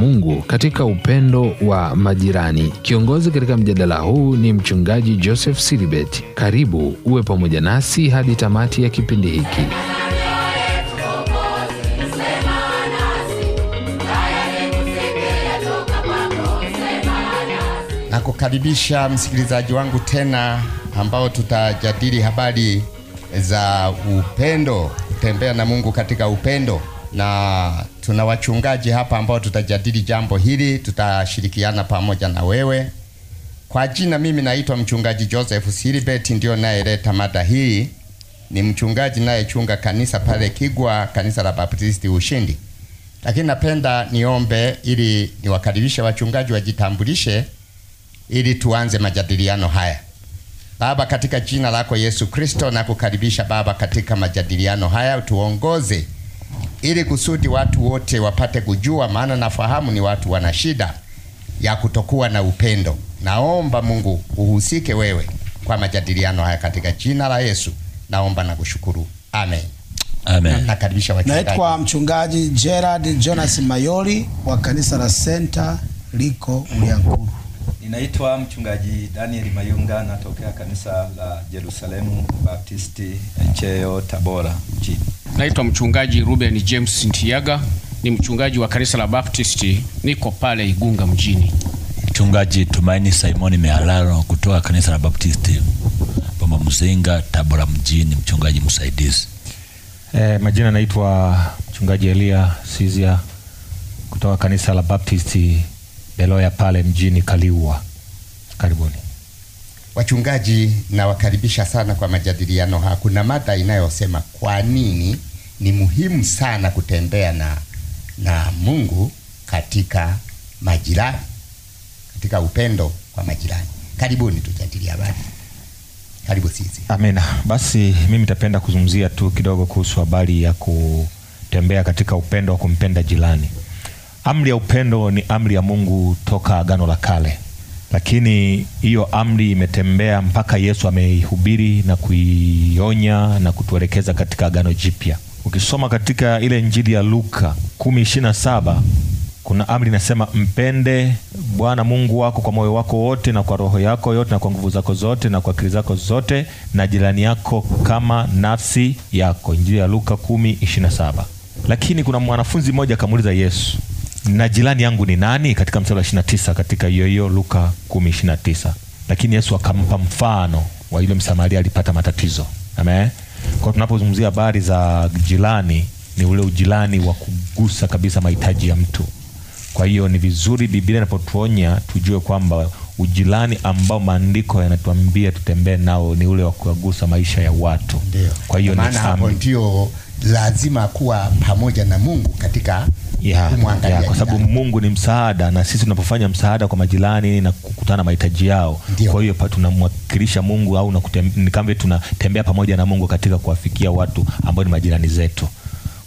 Mungu katika upendo wa majirani. Kiongozi katika mjadala huu ni Mchungaji Joseph silibet Karibu uwe pamoja nasi hadi tamati ya kipindi hiki. Nakukaribisha msikilizaji wangu tena, ambao tutajadili habari za upendo, kutembea na Mungu katika upendo na tuna wachungaji hapa ambao tutajadili jambo hili, tutashirikiana pamoja na wewe. Kwa jina mimi naitwa mchungaji Joseph Silibeti, ndio nayeleta mada hii. Ni mchungaji nayechunga kanisa pale Kigwa, kanisa la Baptisti Ushindi. Lakini napenda niombe ili niwakaribishe wachungaji wajitambulishe ili tuanze majadiliano haya. Baba, katika jina lako Yesu Kristo, nakukaribisha Baba katika majadiliano haya, tuongoze ili kusudi watu wote wapate kujua, maana nafahamu ni watu wana shida ya kutokuwa na upendo. Naomba Mungu uhusike wewe kwa majadiliano haya katika jina la Yesu. Naomba na kushukuru. Amen. Amen. Nakaribisha wachungaji. Naitwa mchungaji Gerard Jonas Mayoli wa kanisa la Center liko Mliankuru. Ninaitwa mchungaji Daniel Mayunga natokea kanisa la Jerusalemu Baptisti Cheo Tabora mjini. Naitwa mchungaji Ruben James Ntiyaga, ni mchungaji wa kanisa la Baptisti, niko pale Igunga mjini. Mchungaji Tumaini Simoni Mehalalo kutoka kanisa la Baptisti Boma Mzinga, Tabora mjini, mchungaji msaidizi. E, majina naitwa mchungaji Elia Sizia kutoka kanisa la Baptisti Beloya pale mjini Kaliua. Karibuni wachungaji, nawakaribisha sana kwa majadiliano haya. Kuna mada inayosema kwa nini ni muhimu sana kutembea na, na Mungu katika majirani, katika upendo kwa majirani. Karibuni tujadilie habari. Karibu sisi. Amina. Basi mimi nitapenda kuzungumzia tu kidogo kuhusu habari ya kutembea katika upendo wa kumpenda jirani. Amri ya upendo ni amri ya Mungu toka Agano la Kale, lakini hiyo amri imetembea mpaka Yesu ameihubiri na kuionya na kutuelekeza katika Agano Jipya. Ukisoma katika ile Injili ya Luka saba kuna amri inasema, mpende Bwana Mungu wako kwa moyo wako wote na kwa roho yako yote na kwa nguvu zako zote na kwa akili zako zote, na jirani yako kama nafsi yako. Injili ya Luka saba. Lakini kuna mwanafunzi mmoja akamuuliza Yesu, na jirani yangu ni nani? Katika mstari wa tisa katika hiyo hiyo Luka tisa. Lakini Yesu akampa mfano wa yule Msamaria alipata matatizo. Amen. Kwa tunapozungumzia habari za jirani, ni ule ujirani wa kugusa kabisa mahitaji ya mtu. Kwa hiyo ni vizuri Biblia inapotuonya tujue kwamba ujirani ambao maandiko yanatuambia tutembee nao ni ule wa kuwagusa maisha ya watu. Ndiyo. Kwa hiyo ni hapo ndio lazima kuwa pamoja na Mungu katika ya, ya, yeah, kwa sababu Mungu ni msaada, na sisi tunapofanya msaada kwa majirani na kukutana mahitaji yao, kwa hiyo tunamwakilisha Mungu au ni kama vile tunatembea pamoja na Mungu katika kuwafikia watu ambao ni majirani zetu.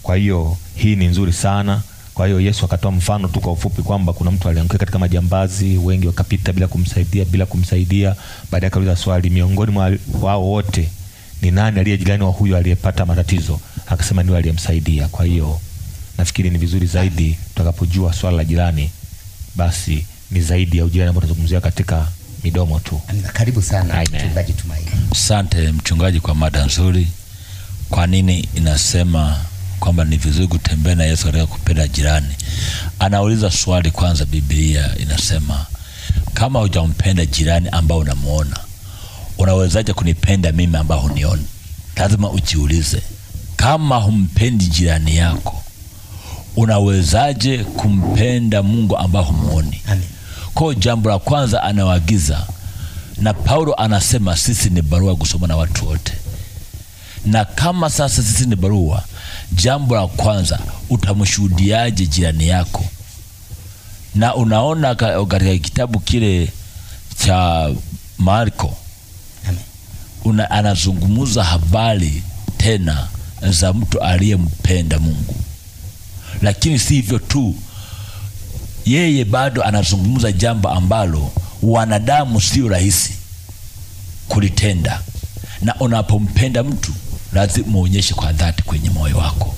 Kwa hiyo hii ni nzuri sana. Kwa hiyo Yesu akatoa mfano tu kwa ufupi kwamba kuna mtu alianguka katika majambazi, wengi wakapita bila kumsaidia bila kumsaidia. Baadaye akauliza swali, miongoni mwa wao wote ni nani aliye jirani wa huyo aliyepata matatizo? akasema niwe aliyemsaidia. Kwa hiyo nafikiri ni vizuri zaidi tutakapojua swala la jirani, basi ni zaidi ya ujirani ambao tunazungumzia katika midomo tu. Karibu sana mchungaji Tumaini. Asante mchungaji kwa mada nzuri. Kwa nini inasema kwamba ni vizuri kutembea na Yesu katika kupenda jirani? Anauliza swali kwanza. Biblia inasema kama hujampenda jirani ambao unamuona, unawezaje kunipenda mimi ambao hunioni? Lazima ujiulize. Kama humpendi jirani yako, unawezaje kumpenda Mungu ambaye humuoni? Kwa jambo la kwanza anawagiza, na Paulo anasema sisi ni barua kusoma na watu wote, na kama sasa sisi ni barua, jambo la kwanza utamshuhudiaje jirani yako? Na unaona katika kitabu kile cha Marko una, anazungumza habari tena za mtu aliyempenda Mungu. Lakini si hivyo tu, yeye bado anazungumza jambo ambalo wanadamu sio rahisi kulitenda, na unapompenda mtu lazima uonyeshe kwa dhati kwenye moyo wako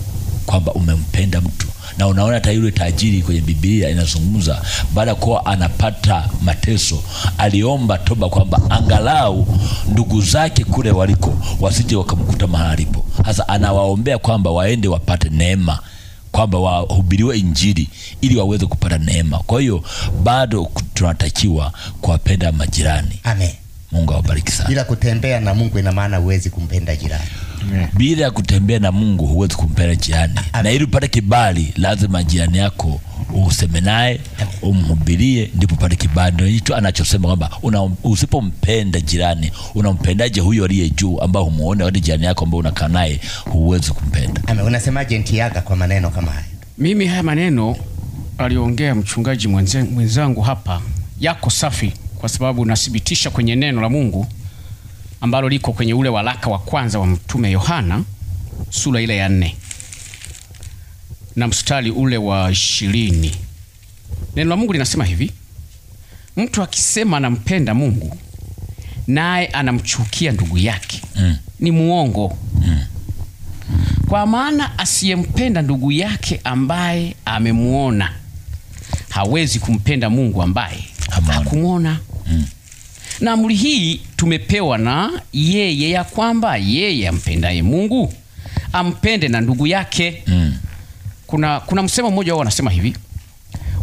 kwamba umempenda mtu na unaona hata yule tajiri kwenye Biblia inazungumza, baada ya kuwa anapata mateso, aliomba toba kwamba angalau ndugu zake kule waliko wasije wakamkuta mahali alipo. Sasa anawaombea kwamba waende wapate neema, kwamba wahubiriwe Injili ili waweze kupata neema. Kwa hiyo bado tunatakiwa kuwapenda majirani. Amen. Mungu awabariki sana. Bila kutembea na Mungu, ina maana huwezi kumpenda jirani yeah. Bila ya kutembea na Mungu huwezi kumpenda jirani, ah, ah. na ili upate kibali lazima jirani yako useme naye, umhubirie, ndipo pale kibali. Ndio hicho anachosema kwamba usipompenda jirani, unampendaje huyo aliye juu, ambao humuone Wadi jirani yako ambao unakaa naye, huwezi kumpenda. Ame, unasemaje Ntiaga kwa maneno kama haya? Mimi haya maneno aliongea mchungaji mwenzangu hapa yako safi, kwa sababu nathibitisha kwenye neno la Mungu ambalo liko kwenye ule waraka wa kwanza wa Mtume Yohana sura ile ya nne na mstari ule wa ishirini. Neno la Mungu linasema hivi, mtu akisema anampenda Mungu naye anamchukia ndugu yake mm. ni muongo mm. Kwa maana asiyempenda ndugu yake ambaye amemwona hawezi kumpenda Mungu ambaye hakumwona mm. Na amri hii tumepewa na yeye ya kwamba yeye ampendaye Mungu ampende na ndugu yake mm. Kuna, kuna msemo mmoja wao wanasema hivi,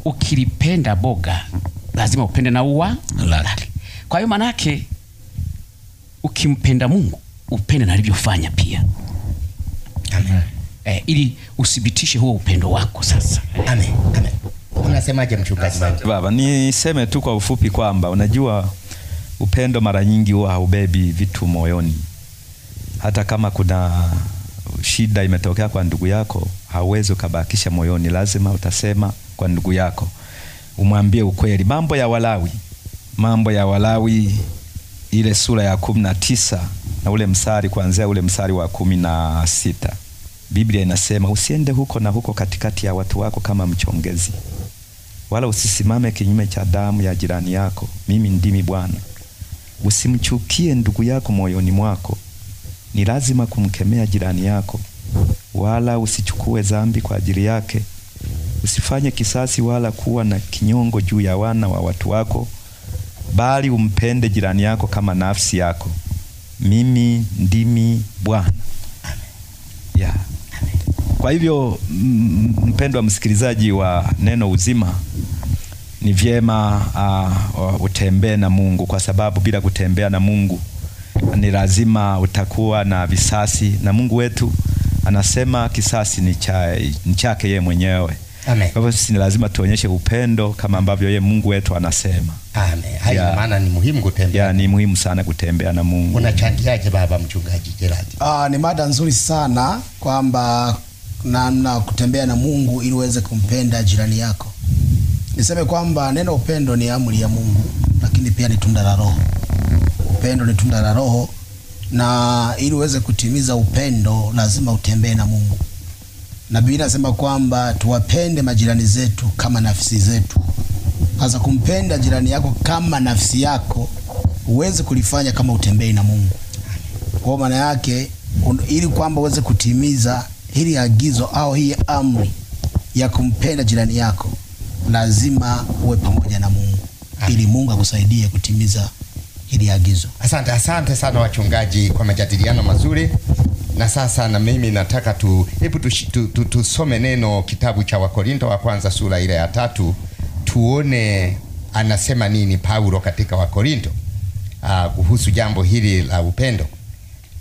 ukilipenda boga lazima upende na ua lake. Kwa hiyo maana yake ukimpenda Mungu upende na alivyofanya pia. Amen. Eh, ili uthibitishe huo upendo wako sasa. Amen. Amen. Unasemaje mchungaji? Baba, niseme tu kwa ufupi kwamba unajua Upendo mara nyingi huwa haubebi vitu moyoni. Hata kama kuna shida imetokea kwa ndugu yako, hauwezi ukabakisha moyoni, lazima utasema kwa ndugu yako, umwambie ukweli. Mambo ya Walawi, mambo ya Walawi ile sura ya kumi na tisa na ule msari kuanzia ule msari wa kumi na sita Biblia inasema usiende huko na huko katikati ya watu wako kama mchongezi, wala usisimame kinyume cha damu ya jirani yako. Mimi ndimi Bwana. Usimchukie ndugu yako moyoni mwako, ni lazima kumkemea jirani yako, wala usichukue dhambi kwa ajili yake. Usifanye kisasi wala kuwa na kinyongo juu ya wana wa watu wako, bali umpende jirani yako kama nafsi yako. Mimi ndimi Bwana. Yeah. Kwa hivyo mpendwa msikilizaji wa Neno Uzima, ni vyema uh, utembee na Mungu kwa sababu bila kutembea na Mungu ni lazima utakuwa na visasi, na Mungu wetu anasema kisasi ni cha chake yeye mwenyewe. Amen. Kwa hivyo sisi ni lazima tuonyeshe upendo kama ambavyo yeye Mungu wetu anasema. Amen. Hayo yeah. Maana ni muhimu kutembea. Yeah, ni muhimu sana kutembea na Mungu. Unachangiaje baba mchungaji Gerard? Ah, ni mada nzuri sana kwamba namna kutembea na Mungu ili uweze kumpenda jirani yako. Niseme kwamba neno upendo ni amri ya Mungu, lakini pia ni tunda la Roho. Upendo ni tunda la Roho, na ili uweze kutimiza upendo lazima utembee na Mungu, na Biblia inasema kwamba tuwapende majirani zetu kama nafsi zetu. Sasa kumpenda jirani yako kama nafsi yako uweze kulifanya kama utembei na Mungu. Kwa maana yake un, ili kwamba uweze kutimiza hili agizo au hii amri ya kumpenda jirani yako lazima uwe pamoja na Mungu ili Mungu akusaidie kutimiza hili agizo. Asante, asante sana wachungaji kwa majadiliano mazuri. Na sasa na mimi nataka tu hebu tusome tu, tu, neno kitabu cha Wakorinto wa kwanza sura ile ya tatu tuone anasema nini Paulo katika Wakorinto ah, kuhusu jambo hili la upendo.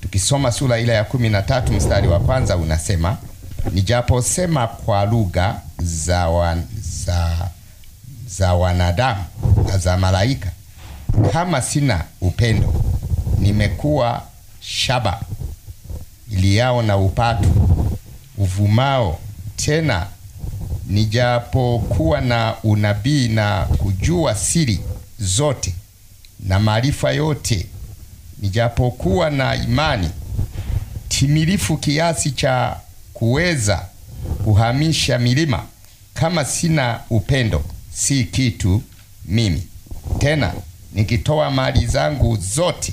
Tukisoma sura ile ya kumi na tatu mstari wa kwanza unasema, nijaposema kwa lugha za, za, za wanadamu na za malaika, kama sina upendo nimekuwa shaba iliyao na upatu uvumao. Tena nijapokuwa na unabii na kujua siri zote na maarifa yote, nijapokuwa na imani timilifu kiasi cha kuweza kuhamisha milima kama sina upendo si kitu mimi. Tena nikitoa mali zangu zote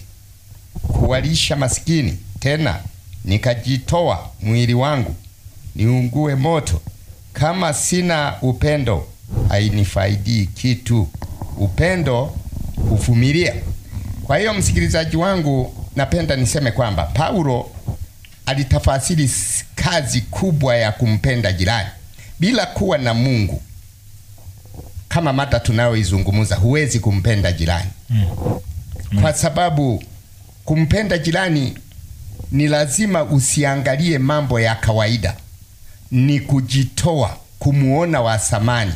kuwalisha masikini, tena nikajitoa mwili wangu niungue moto, kama sina upendo hainifaidi kitu. Upendo huvumilia. Kwa hiyo, msikilizaji wangu, napenda niseme kwamba Paulo alitafasiri kazi kubwa ya kumpenda jirani. Bila kuwa na Mungu kama mada tunayoizungumza, huwezi kumpenda jirani mm. Mm. Kwa sababu kumpenda jirani ni lazima usiangalie mambo ya kawaida, ni kujitoa kumuona wa samani,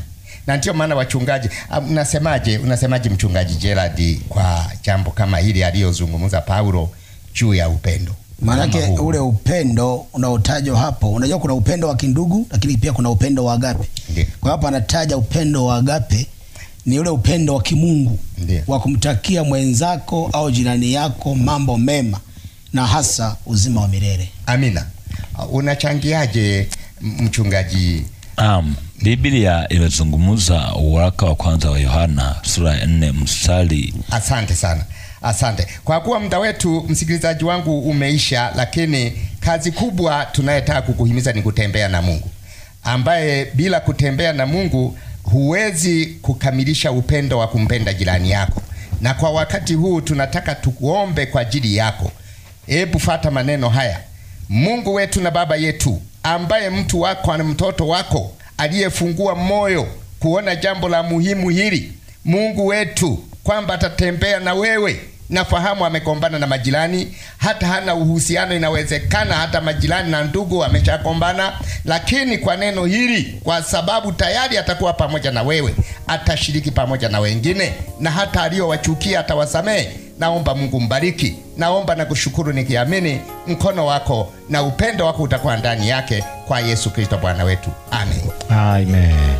na ndio maana wachungaji. Ah, unasemaje, unasemaje mchungaji Gerard, kwa jambo kama hili aliyozungumza Paulo juu ya upendo? Maanake ule upendo unaotajwa hapo, unajua kuna upendo wa kindugu, lakini pia kuna upendo wa agape. Kwa hapa anataja upendo wa agape ni ule upendo wa kimungu wa kumtakia mwenzako au jirani yako mambo mema na hasa uzima wa milele. Amina. Unachangiaje mchungaji? Um, Biblia imezungumza waraka wa kwanza wa Yohana sura ya 4 mstari. Asante sana. Asante kwa kuwa muda wetu, msikilizaji wangu, umeisha, lakini kazi kubwa tunayetaka kukuhimiza ni kutembea na Mungu, ambaye bila kutembea na Mungu huwezi kukamilisha upendo wa kumpenda jirani yako. Na kwa wakati huu tunataka tukuombe kwa ajili yako. Hebu fata maneno haya: Mungu wetu na Baba yetu, ambaye mtu wako na mtoto wako aliyefungua moyo kuona jambo la muhimu hili, Mungu wetu kwamba atatembea na wewe. Nafahamu amegombana na majirani, hata hana uhusiano, inawezekana hata majirani na ndugu ameshagombana, lakini kwa neno hili, kwa sababu tayari atakuwa pamoja na wewe, atashiriki pamoja na wengine, na hata aliyowachukia atawasamehe. Naomba Mungu mbariki. Naomba na kushukuru nikiamini mkono wako na upendo wako utakuwa ndani yake, kwa Yesu Kristo Bwana wetu, amen, amen.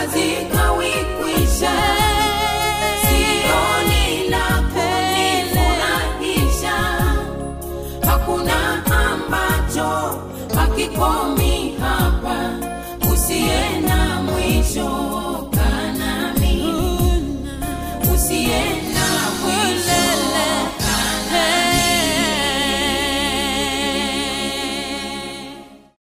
hazikawikwisha